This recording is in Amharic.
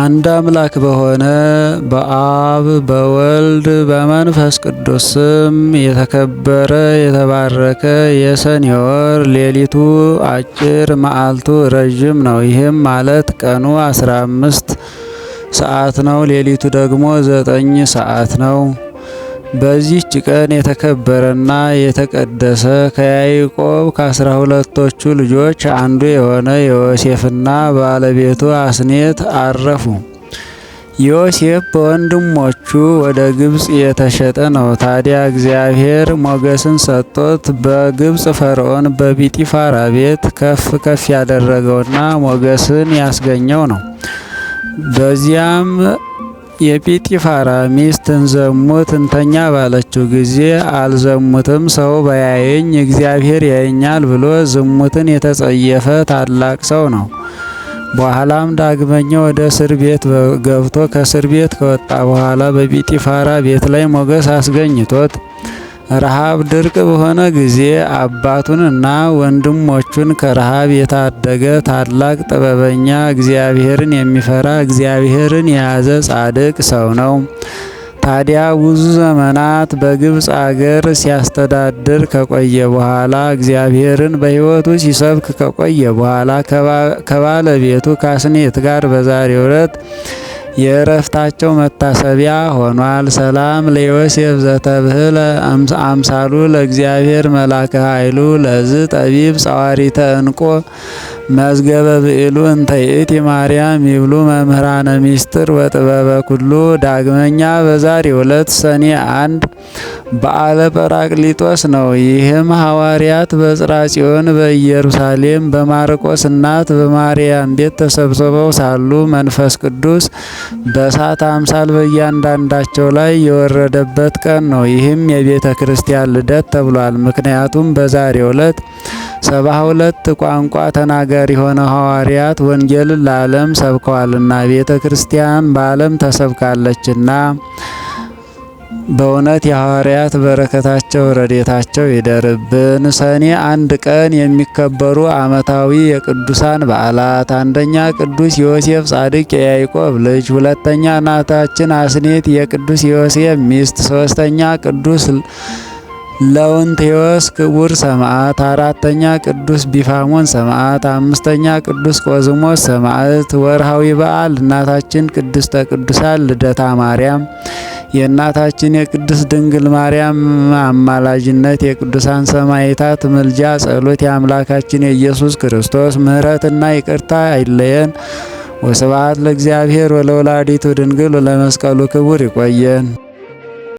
አንድ አምላክ በሆነ በአብ በወልድ በመንፈስ ቅዱስ ስም የተከበረ የተባረከ የሰኔ ወር ሌሊቱ አጭር መዓልቱ ረዥም ነው። ይህም ማለት ቀኑ 15 ሰዓት ነው። ሌሊቱ ደግሞ ዘጠኝ ሰዓት ነው። በዚህች ቀን የተከበረና የተቀደሰ ከያዕቆብ ከአስራ ሁለቶቹ ልጆች አንዱ የሆነ ዮሴፍና ባለቤቱ አስኔት አረፉ። ዮሴፍ በወንድሞቹ ወደ ግብፅ የተሸጠ ነው። ታዲያ እግዚአብሔር ሞገስን ሰጥቶት በግብፅ ፈርዖን በጲጢፋራ ቤት ከፍ ከፍ ያደረገውና ሞገስን ያስገኘው ነው። በዚያም የጲጢፋራ ሚስት ዘሙት እንተኛ ባለችው ጊዜ አልዘሙትም ሰው በያየኝ እግዚአብሔር ያየኛል ብሎ ዝሙትን የተጸየፈ ታላቅ ሰው ነው። በኋላም ዳግመኛ ወደ እስር ቤት ገብቶ ከእስር ቤት ከወጣ በኋላ በጲጢፋራ ቤት ላይ ሞገስ አስገኝቶት ረሃብ ድርቅ በሆነ ጊዜ አባቱንና ወንድሞቹን ከረሃብ የታደገ ታላቅ ጥበበኛ እግዚአብሔርን የሚፈራ እግዚአብሔርን የያዘ ጻድቅ ሰው ነው። ታዲያ ብዙ ዘመናት በግብፅ አገር ሲያስተዳድር ከቆየ በኋላ እግዚአብሔርን በሕይወቱ ሲሰብክ ከቆየ በኋላ ከባለቤቱ ካስኔት ጋር በዛሬው ዕለት የእረፍታቸው መታሰቢያ ሆኗል። ሰላም ለዮሴፍ ዘተብህለ አምሳሉ ለእግዚአብሔር መላከ ኃይሉ ለዝ ጠቢብ ጸዋሪተ እንቆ መዝገበ ብዕሉ እንተይእቲ ማርያም ይብሉ መምህራነ ሚስጥር ወጥበበ ኩሉ። ዳግመኛ በዛሬው ዕለት ሰኔ አንድ በዓለ ጰራቅሊጦስ ነው። ይህም ሐዋርያት በጽርሐ ጽዮን በኢየሩሳሌም በማርቆስ እናት በማርያም ቤት ተሰብስበው ሳሉ መንፈስ ቅዱስ በእሳት አምሳል በእያንዳንዳቸው ላይ የወረደበት ቀን ነው። ይህም የቤተ ክርስቲያን ልደት ተብሏል። ምክንያቱም በዛሬ ዕለት ሰባ ሁለት ቋንቋ ተናጋሪ የሆነ ሐዋርያት ወንጌልን ለዓለም ሰብከዋልና ቤተ ክርስቲያን በዓለም ተሰብካለችና በእውነት የሐዋርያት በረከታቸው ረዴታቸው ይደርብን። ሰኔ አንድ ቀን የሚከበሩ ዓመታዊ የቅዱሳን በዓላት፣ አንደኛ ቅዱስ ዮሴፍ ጻድቅ የያይቆብ ልጅ፣ ሁለተኛ እናታችን አስኔት የቅዱስ ዮሴፍ ሚስት፣ ሶስተኛ ቅዱስ ለውንቴዎስ ክቡር ሰማዕት፣ አራተኛ ቅዱስ ቢፋሞን ሰማዕት፣ አምስተኛ ቅዱስ ቆዝሞስ ሰማዕት። ወርሃዊ በዓል እናታችን ቅድስተ ቅዱሳን ልደታ ማርያም የእናታችን የቅድስት ድንግል ማርያም አማላጅነት የቅዱሳን ሰማዕታት ምልጃ ጸሎት የአምላካችን የኢየሱስ ክርስቶስ ምሕረትና ይቅርታ አይለየን። ወስብሐት ለእግዚአብሔር ወለወላዲቱ ድንግል ለመስቀሉ ክቡር ይቆየን።